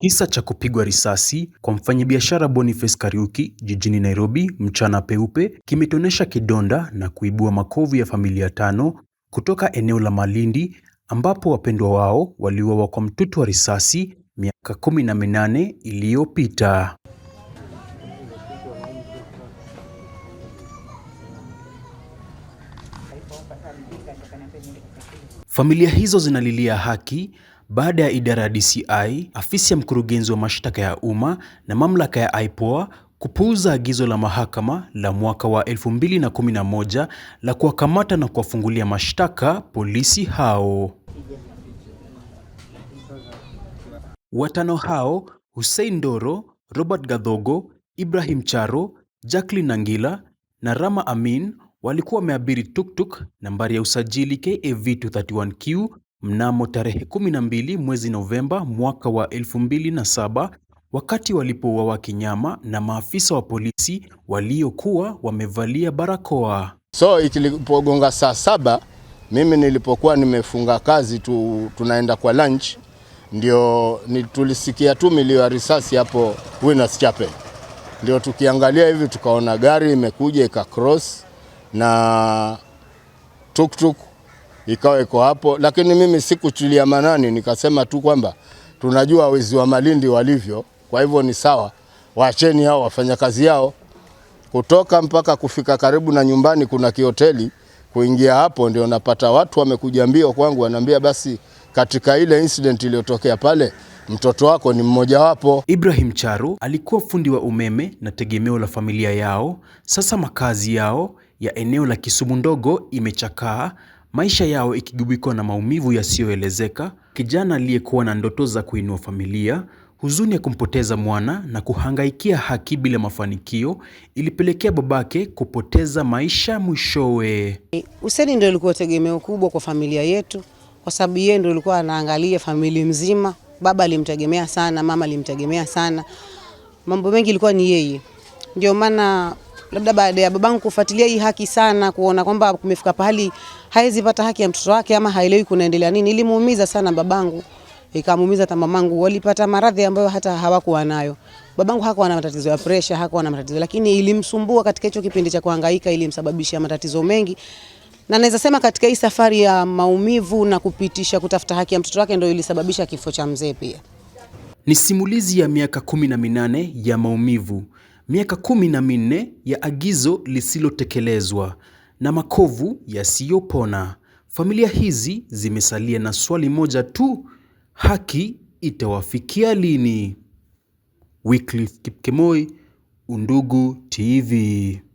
Kisa cha kupigwa risasi kwa mfanyabiashara Boniface Kariuki jijini Nairobi mchana peupe kimetonesha kidonda na kuibua makovu ya familia tano kutoka eneo la Malindi ambapo wapendwa wao waliuawa kwa mtutu wa risasi miaka kumi na minane iliyopita. Familia hizo zinalilia haki baada ya idara ya DCI, afisi ya mkurugenzi wa mashtaka ya umma na mamlaka ya IPOA kupuuza agizo la mahakama la mwaka wa 2011 la kuwakamata na kuwafungulia mashtaka polisi hao. Watano hao Hussein Ndoro, Robert Gadhogo, Ibrahim Charo, Jacqueline Nangila na Rama Amin walikuwa wameabiri tuktuk nambari ya usajili KAV 231Q mnamo tarehe 12 mwezi Novemba mwaka wa 2007 wakati walipouawa kinyama na maafisa wa polisi waliokuwa wamevalia barakoa. So ikilipogonga saa saba, mimi nilipokuwa nimefunga kazi tu, tunaenda kwa lunch, ndio tulisikia tu milio ya risasi hapo Winners Chapel, ndio tukiangalia hivi tukaona gari imekuja ikacross na tuktuk ikawa iko hapo, lakini mimi sikuchulia manani, nikasema tu kwamba tunajua wezi wa Malindi walivyo, kwa hivyo ni sawa, wacheni hao wafanya kazi yao. Kutoka mpaka kufika karibu na nyumbani kuna kihoteli, kuingia hapo ndio napata watu wamekuja mbio kwangu, wanaambia basi, katika ile incident iliyotokea pale mtoto wako ni mmojawapo. Ibrahim Charu alikuwa fundi wa umeme na tegemeo la familia yao. Sasa makazi yao ya eneo la Kisumu ndogo imechakaa, maisha yao ikigubikwa na maumivu yasiyoelezeka, kijana aliyekuwa na ndoto za kuinua familia huzuni ya kumpoteza mwana na kuhangaikia haki bila mafanikio ilipelekea babake kupoteza maisha mwishowe. Useni ndio ilikuwa tegemeo kubwa kwa familia yetu, kwa sababu yeye ndio alikuwa anaangalia familia mzima. Baba alimtegemea sana, mama alimtegemea sana, mambo mengi ilikuwa ni yeye, ndio maana labda baada ya babangu kufuatilia hii haki sana, kuona kwamba kumefika pahali haizi pata haki ya mtoto wake ama haelewi kunaendelea nini, ilimuumiza sana babangu, ikamuumiza hata mamangu. Walipata maradhi ambayo hata hawakuwa nayo. Babangu hakuwa na matatizo ya presha, hakuwa na matatizo, lakini ilimsumbua katika hicho kipindi cha kuhangaika, ilimsababishia matatizo mengi na naweza sema katika hii safari ya maumivu na kupitisha kutafuta haki ya mtoto wake ndio ilisababisha kifo cha mzee. Pia ni simulizi ya miaka kumi na minane ya maumivu miaka kumi na minne ya agizo lisilotekelezwa na makovu yasiyopona. Familia hizi zimesalia na swali moja tu, haki itawafikia lini? Wycliffe Kipkemoi, Undugu TV.